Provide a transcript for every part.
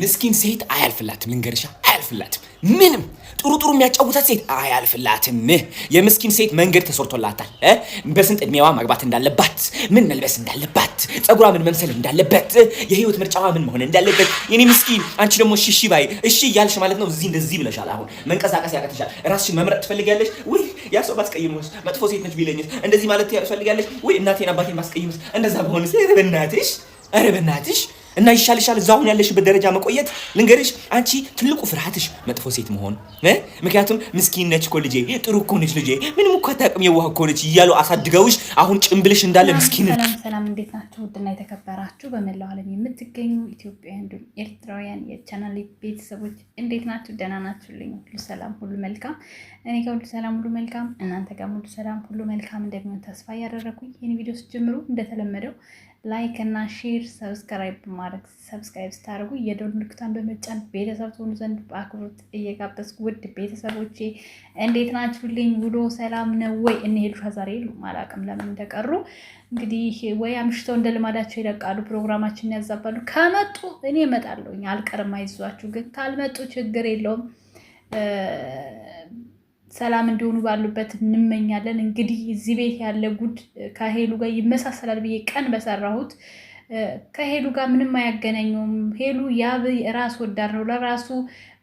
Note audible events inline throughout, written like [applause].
ምስኪን ሴት አያልፍላትም። ልንገርሻ አያልፍላትም። ምንም ጥሩ ጥሩ የሚያጫውታት ሴት አያልፍላትም። የምስኪን ሴት መንገድ ተሰርቶላታል። በስንት እድሜዋ ማግባት እንዳለባት፣ ምን መልበስ እንዳለባት፣ ጸጉሯ ምን መምሰል እንዳለበት፣ የህይወት ምርጫዋ ምን መሆን እንዳለበት። የኔ ምስኪን፣ አንቺ ደግሞ እሺ እሺ ባይ እሺ እያልሽ ማለት ነው። እዚህ እንደዚህ ብለሻል። አሁን መንቀሳቀስ ያቀትሻል። ራስሽን መምረጥ ትፈልጊያለሽ ወይ? ያ ሰው ባስቀይምሽ፣ መጥፎ ሴት ነች ቢለኝስ፣ እንደዚህ ማለት ትፈልጊያለሽ ወይ? እናቴን አባቴን ባስቀይምስ፣ እንደዛ በሆንስ? ረብናትሽ ረብናትሽ እና ይሻልሻል እዛ አሁን ያለሽበት ደረጃ መቆየት። ልንገርሽ፣ አንቺ ትልቁ ፍርሃትሽ መጥፎ ሴት መሆን። ምክንያቱም ምስኪን ነች እኮ ልጄ፣ ጥሩ እኮ ነች ልጄ፣ ምንም እኮ አታውቅም፣ የዋህ እኮ ነች እያሉ አሳድገውሽ አሁን ጭንብልሽ እንዳለ ምስኪን። ሰላም ሰላም፣ እንዴት ናችሁ? ውድና የተከበራችሁ በመላው ዓለም የምትገኙ ኢትዮጵያውያን እንዲሁም ኤርትራውያን የቻናል ቤተሰቦች እንዴት ናችሁ? ደህና ናችሁልኝ? ሁሉ ሰላም፣ ሁሉ መልካም። እኔ ከሁሉ ሰላም፣ ሁሉ መልካም። እናንተ ጋር ሁሉ ሰላም፣ ሁሉ መልካም እንደሚሆን ተስፋ እያደረኩኝ ይህን ቪዲዮ ስጀምሩ እንደተለመደው ላይክ እና ሼር ሰብስክራይብ በማድረግ ሰብስክራይብ ስታደርጉ የደወል ምልክቷን በመጫን ቤተሰብ ትሆኑ ዘንድ በአክብሮት እየጋበዝኩ ውድ ቤተሰቦቼ እንዴት ናችሁልኝ? ውሎ ሰላም ነው ወይ? እንሄዱ ሄሉሻ ዛሬ አላውቅም ለምን እንደቀሩ። እንግዲህ ወይ አምሽተው እንደ ልማዳቸው ይለቃሉ፣ ፕሮግራማችንን ያዛባሉ። ከመጡ እኔ እመጣለሁኝ፣ አልቀርም፣ አይዟችሁ። ግን ካልመጡ ችግር የለውም ሰላም እንዲሆኑ ባሉበት እንመኛለን። እንግዲህ እዚህ ቤት ያለ ጉድ ከሄሉ ጋር ይመሳሰላል ብዬ ቀን በሰራሁት ከሄሉ ጋር ምንም አያገናኘውም። ሄሉ ያብ ራስ ወዳድ ነው፣ ለራሱ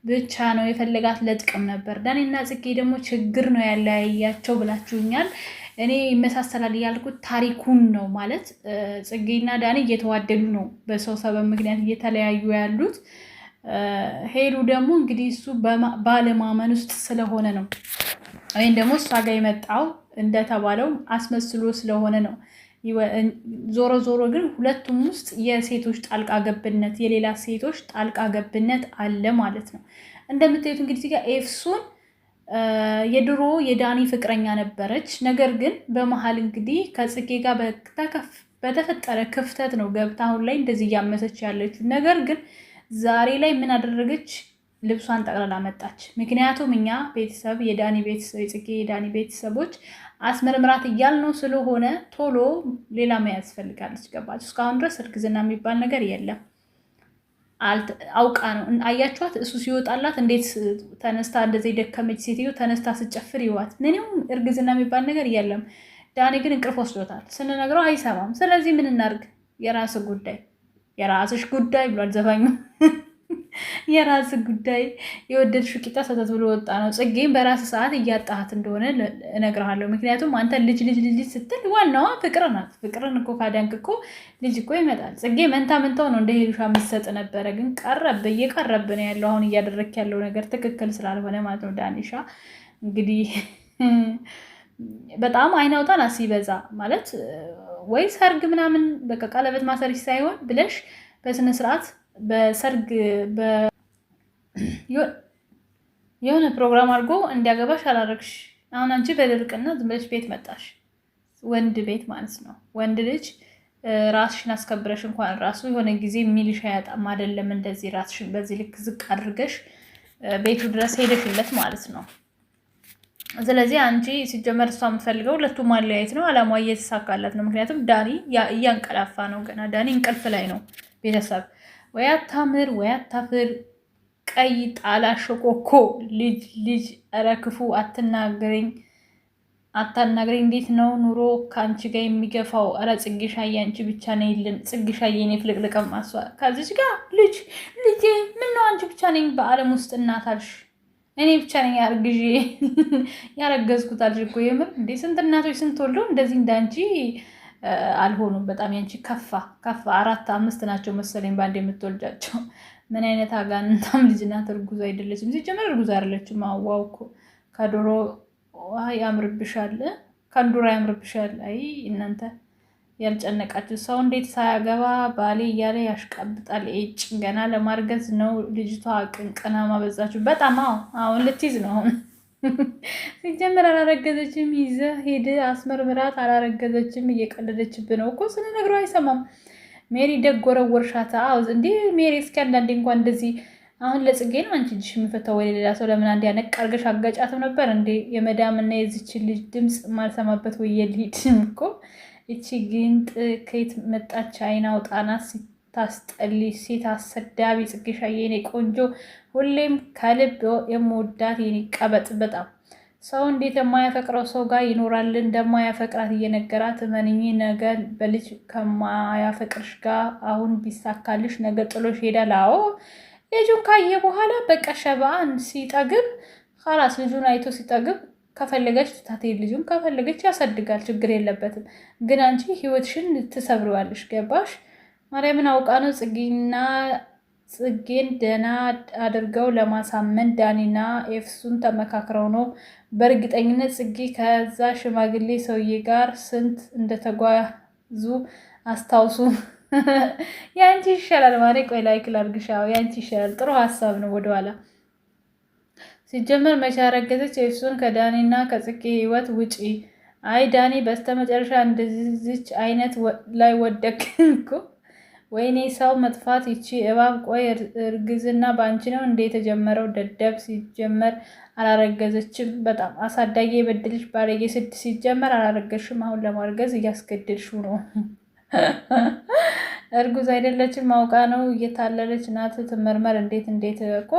ብቻ ነው የፈለጋት ለጥቅም ነበር። ዳኔና ጽጌ ደግሞ ችግር ነው ያለያያቸው ብላችሁኛል። እኔ ይመሳሰላል እያልኩት ታሪኩን ነው ማለት ጽጌና ዳኔ እየተዋደዱ ነው፣ በሰው ሰበብ ምክንያት እየተለያዩ ያሉት። ሄሉ ደግሞ እንግዲህ እሱ ባለማመን ውስጥ ስለሆነ ነው ወይም ደግሞ እሷ ጋር የመጣው እንደተባለው አስመስሎ ስለሆነ ነው ዞሮ ዞሮ ግን ሁለቱም ውስጥ የሴቶች ጣልቃ ገብነት የሌላ ሴቶች ጣልቃ ገብነት አለ ማለት ነው። እንደምታዩት እንግዲህ ጋር ኤፍሱን የድሮ የዳኒ ፍቅረኛ ነበረች። ነገር ግን በመሀል እንግዲህ ከጽጌ ጋር በተፈጠረ ክፍተት ነው ገብታ አሁን ላይ እንደዚህ እያመሰች ያለችው። ነገር ግን ዛሬ ላይ ምን አደረገች? ልብሷን ጠቅላላ መጣች። ምክንያቱም እኛ ቤተሰብ የዳኒ ቤተሰብ የጽጌ የዳኒ ቤተሰቦች አስመርምራት እያልነው ስለሆነ ቶሎ ሌላ መያዝ ፈልጋለች። ገባችሁ? እስካሁን ድረስ እርግዝና የሚባል ነገር የለም። አውቃ ነው። አያችኋት? እሱ ሲወጣላት እንዴት ተነስታ እንደዚህ ደከመች ሴትዮ ተነስታ ስጨፍር ይዋት። ምንም እርግዝና የሚባል ነገር የለም። ዳኔ ግን እንቅልፍ ወስዶታል። ስንነግረው አይሰማም። ስለዚህ ምን እናርግ? የራስ ጉዳይ የራስሽ ጉዳይ ብሏል ዘፋኙ። [laughs] የራስ ጉዳይ። የወደድ ቂጣ ሰተት ብሎ ወጣ ነው። ጽጌም በራስ ሰዓት እያጣሃት እንደሆነ እነግርሃለሁ። ምክንያቱም አንተ ልጅ ልጅ ልጅ ስትል ዋናዋ ፍቅር ናት። ፍቅርን እኮ ካዳንክ እኮ ልጅ እኮ ይመጣል። ጽጌ መንታ መንታው ነው እንደ ሄዱሻ የምትሰጥ ነበረ፣ ግን ቀረብ እየቀረብ ነው ያለው። አሁን እያደረክ ያለው ነገር ትክክል ስላልሆነ ማለት ነው። ዳኒሻ እንግዲህ በጣም አይናውጣን ሲበዛ ማለት ወይ ሰርግ ምናምን በቃ ቀለበት ማሰርሽ ሳይሆን ብለሽ በስነ ስርዓት በሰርግ የሆነ ፕሮግራም አድርጎ እንዲያገባሽ አላረግሽ። አሁን አንቺ በድርቅና ዝም ብለሽ ቤት መጣሽ፣ ወንድ ቤት ማለት ነው። ወንድ ልጅ ራስሽን አስከብረሽ እንኳን ራሱ የሆነ ጊዜ ሚልሽ አያጣም። አይደለም እንደዚህ ራስሽን በዚህ ልክ ዝቅ አድርገሽ ቤቱ ድረስ ሄደሽለት ማለት ነው። ስለዚህ አንቺ ሲጀመር እሷ የምትፈልገው ሁለቱ ማለያየት ነው። አላማ እየተሳካላት ነው። ምክንያቱም ዳኒ እያንቀላፋ ነው። ገና ዳኒ እንቅልፍ ላይ ነው ቤተሰብ ወይ አታምር ወይ አታፍር ቀይ ጣላ ሸቆኮ ልጅ ልጅ እረ ክፉ አትናገረኝ አታናግረኝ እንዴት ነው ኑሮ ከአንቺ ጋር የሚገፋው? እረ ጽጌሻዬ አንቺ ብቻ ነው የለም ጽጌሻዬ የኔ ፍልቅልቅም አሷ ከዚች ጋር ልጅ ልጄ ምን ነው አንቺ ብቻ ነኝ በአለም ውስጥ እናታልሽ እኔ ብቻ ነኝ አርግዤ [laughs] ያረገዝኩት አልሽ እኮ የምር እንዴ ስንት እናቶች ስንት ወልደው እንደዚህ እንዳንቺ አልሆኑም። በጣም ያንቺ ከፋ ከፋ። አራት አምስት ናቸው መሰለኝ በአንድ የምትወልጃቸው። ምን አይነት አጋንንታም ልጅ ናት! እርጉዝ አይደለችም። ሲጀመር እርጉዝ አይደለችም። ዋው እኮ ከዶሮ ያምርብሻል፣ ከንዱራ ያምርብሻል። አይ እናንተ ያልጨነቃችሁ ሰው እንዴት ሳያገባ ባሌ እያለ ያሽቀብጣል? ኤጭ ገና ለማርገዝ ነው ልጅቷ። ቅንቅና ማበዛችሁ በጣም። አሁን ልትይዝ ነው አሁን ሲጀምር አላረገዘችም። ይዘ ሄደህ አስመርምራት። አላረገዘችም። እየቀለደችብህ ነው እኮ ስለ ነግሮ አይሰማም። ሜሪ ደግ ወረወርሻታ። እንዴ ሜሪ፣ እስኪ አንዳንዴ እንኳን እንደዚህ አሁን ለጽጌ ነው አንቺ እጅሽ የሚፈታው ወይ ሌላ ሰው? ለምን አንድ ያነቅ አድርገሽ አጋጫትም ነበር እንዴ? የመዳም እና የዚችን ልጅ ድምፅ ማልሰማበት ወየልሂድ የልሂድ እኮ። ይቺ ግንጥ ከየት መጣች? አይን አውጣ ታስጠሊ ሴት አሰዳቢ ጽግሻ የኔ ቆንጆ ሁሌም ከልብ የምወዳት የኔ ቀበጥ በጣም ሰው እንዴት የማያፈቅረው ሰው ጋር ይኖራል? እንደማያፈቅራት እየነገራት መንኝ ነገ በልጅ ከማያፈቅርሽ ጋር አሁን ቢሳካልሽ ነገ ጥሎሽ ሄዳል። አዎ ልጁን ካየ በኋላ በቃ ሸባን ሲጠግብ ካላስ ልጁን አይቶ ሲጠግብ ከፈለገች ትታት ልጁን ከፈለገች ያሳድጋል። ችግር የለበትም። ግን አንቺ ህይወትሽን ትሰብረዋለሽ። ገባሽ? ማርያምን አውቃ ነው ጽጌና ጽጌን ደህና አድርገው ለማሳመን ዳኒና ኤፍሱን ተመካክረው ነው። በእርግጠኝነት ጽጌ ከዛ ሽማግሌ ሰውዬ ጋር ስንት እንደተጓዙ አስታውሱ። የአንቺ [laughs] ይሻላል ማሬ። ቆይ ላይክ ላርግሻ። የአንቺ ይሻላል። ጥሩ ሀሳብ ነው። ወደኋላ ሲጀመር መቼ አረገዘች? ኤፍሱን ከዳኒና ከጽጌ ህይወት ውጪ አይ ዳኒ በስተመጨረሻ እንደዚች አይነት ላይ ወደቅ እኮ ወይኔ ሰው መጥፋት ይቺ እባብ! ቆይ እርግዝና በአንቺ ነው እንዴ የተጀመረው? ደደብ ሲጀመር አላረገዘችም። በጣም አሳዳጊ የበድልሽ ባለጌ ስድ ሲጀመር አላረገሽም። አሁን ለማርገዝ እያስገድልሹ ነው። [laughs] እርጉዝ አይደለችም፣ ማውቃ ነው። እየታለለች ናት። ትመርመር። እንዴት እንዴት! እኮ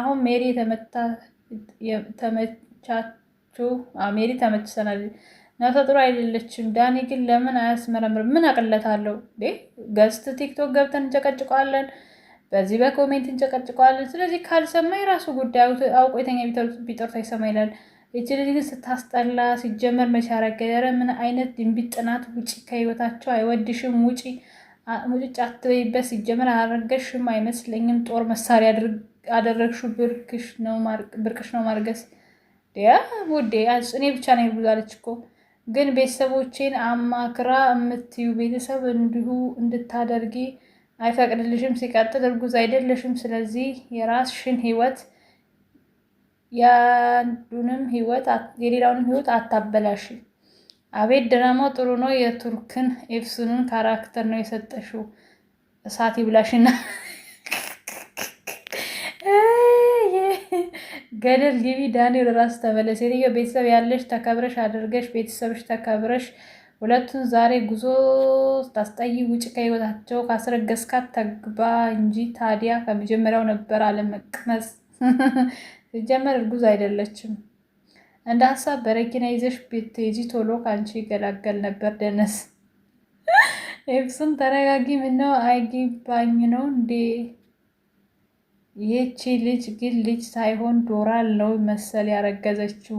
አሁን ሜሪ ተመቻችሁ። ሜሪ ተመችተናል ነፍሰጡር አይደለችም። ዳኒ ግን ለምን አያስመረምርም? ምን አቅለታለሁ አለው ገስት ቲክቶክ ገብተን እንጨቀጭቀዋለን፣ በዚህ በኮሜንት እንጨቀጭቀዋለን። ስለዚህ ካልሰማ የራሱ ጉዳይ አውቆ የተኛ ቢጠርቶ ይሰማ ይላል። ይች ልጅ ግን ስታስጠላ። ሲጀመር መሻረገረ ምን አይነት ድንቢት ጥናት። ውጪ ከህይወታቸው አይወድሽም። ውጪ ሙጭጭ አትበይበት። ሲጀመር አረገሽም አይመስለኝም። ጦር መሳሪያ አደረግሽው። ብርቅሽ ነው ማርገስ ያ ውዴ፣ እኔ ብቻ ነው ብዛለች እኮ ግን ቤተሰቦቼን አማክራ የምትዩ ቤተሰብ እንዲሁ እንድታደርጊ አይፈቅድልሽም። ሲቀጥል እርጉዝ አይደለሽም። ስለዚህ የራስሽን ህይወት ያንዱንም ህይወት የሌላውንም ህይወት አታበላሽ። አቤት ድራማው ጥሩ ነው። የቱርክን ኤፍሱንን ካራክተር ነው የሰጠሽው። እሳት ይብላሽና ገደል ግቢ ዳንኤል ራስ ተበለ ሴትዮ ቤተሰብ ያለሽ ተከብረሽ አድርገሽ ቤተሰብሽ ተከብረሽ ሁለቱን ዛሬ ጉዞ ታስጠይ ውጭ ከህይወታቸው ካስረገዝካት ተግባ እንጂ ታዲያ ከመጀመሪያው ነበር አለመቅመስ። [laughs] ሲጀመር እርጉዝ አይደለችም። እንደ ሀሳብ በረኪና ይዘሽ ብትሄጂ ቶሎ ከአንቺ ይገላገል ነበር። ደነስ [laughs] ኤፍሱም ተረጋጊ። ምነው አይገባኝ ነው እንዴ? ይህቺ ልጅ ግን ልጅ ሳይሆን ዶራ ነው መሰል ያረገዘችው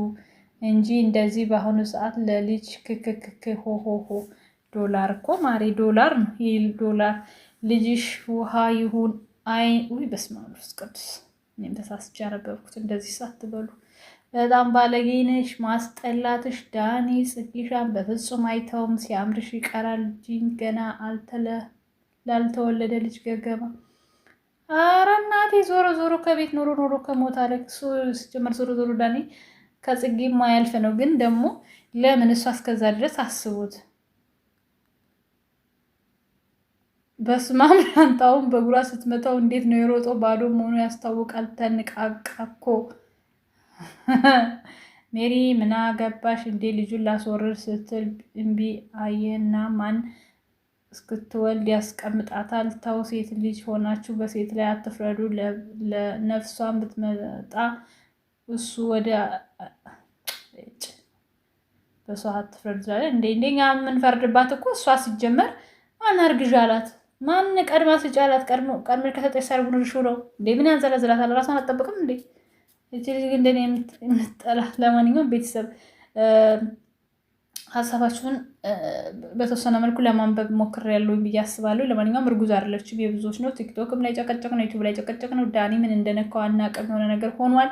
እንጂ እንደዚህ በአሁኑ ሰዓት ለልጅ ክክክክ ሆሆሆ ዶላር እኮ ማሬ ዶላር ነው። ይህ ዶላር ልጅሽ ውሃ ይሁን አይ ውይ፣ በስመ አብ ወመንፈስ ቅዱስ እኔም ተሳስቼ ያነበብኩት። እንደዚህ ሳትበሉ በጣም ባለጌነሽ። ማስጠላትሽ ዳኒ ጽጌሻን በፍጹም አይተውም። ሲያምርሽ ይቀራል እንጂ ገና ላልተወለደ ልጅ ገገማ አረ እናቴ ዞሮ ዞሮ ከቤት ኖሮ ኖሮ ከሞት አለ ሲጀመር ዞሮ ዞሮ ዳኔ ከጽጌ ማያልፍ ነው። ግን ደግሞ ለምን እሱ እስከዛ ድረስ አስቡት። በስማም ሻንጣውን በጉራ ስትመታው እንዴት ነው የሮጦ ባዶ መሆኑ ያስታውቃል። ተንቃቃኮ [laughs] ሜሪ ምና ገባሽ እንዴ ልጁን ላስወርድ ስትል እምቢ አየና ማን እስክትወልድ ያስቀምጣታል። ተው ሴት ልጅ ሆናችሁ በሴት ላይ አትፍረዱ። ነፍሷን ብትመጣ እሱ ወደ በሷ አትፍረዱ ስላለ እንደ እንደኛ የምንፈርድባት እኮ እሷ ሲጀመር ማን አርግዣ አላት? ማን ቀድማ ስጭ አላት? ቀድመሽ ከሰጠሽ ሰርጉ ድርሹ ነው እንዴ? ምን ያንዘለዝላታል? ራሷን አጠብቅም እንዴ? ይቺ ልጅ ግን እንደኔ የምትጠላ ለማንኛውም ቤተሰብ ሀሳባችሁን በተወሰነ መልኩ ለማንበብ ሞክሬያለሁ ብዬ አስባለሁ። ለማንኛውም እርጉዝ አይደለችም፣ የብዙዎች ነው። ቲክቶክም ላይ ጨቀጨቅ ነው፣ ዩቱብ ላይ ጨቀጨቅ ነው። ዳኒ ምን እንደነካው አናውቅም። የሆነ ነገር ሆኗል፣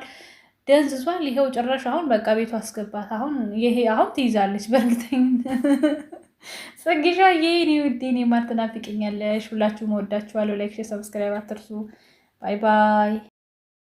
ደንዝዟል። ይኸው ጭራሽ አሁን በቃ ቤቱ አስገባት። አሁን ይሄ አሁን ትይዛለች በእርግጠኝነት። [laughs] ጽጌሻ የኔ ውዴ እኔ ማትናፍቅኛለሽ። ሁላችሁም ወዳችኋለሁ። ላይክ፣ ሰብስክራይብ አትርሱ። ባይ ባይ።